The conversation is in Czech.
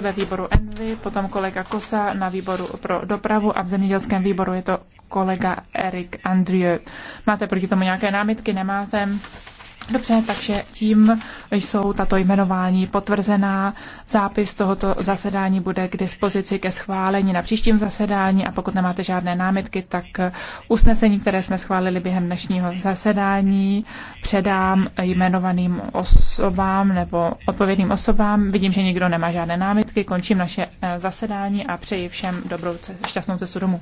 ve výboru Envy, potom kolega Kosa na výboru pro dopravu a v zemědělském výboru je to kolega Erik Andrieu. Máte proti tomu nějaké námitky? Nemáte? Dobře, takže tím jsou tato jmenování potvrzená. Zápis tohoto zasedání bude k dispozici ke schválení na příštím zasedání a pokud nemáte žádné námitky, tak usnesení, které jsme schválili během dnešního zasedání, předám jmenovaným osobám nebo odpovědným osobám. Vidím, že nikdo nemá žádné námitky, končím naše eh, zasedání a přeji všem dobrou šťastnou cestu domů.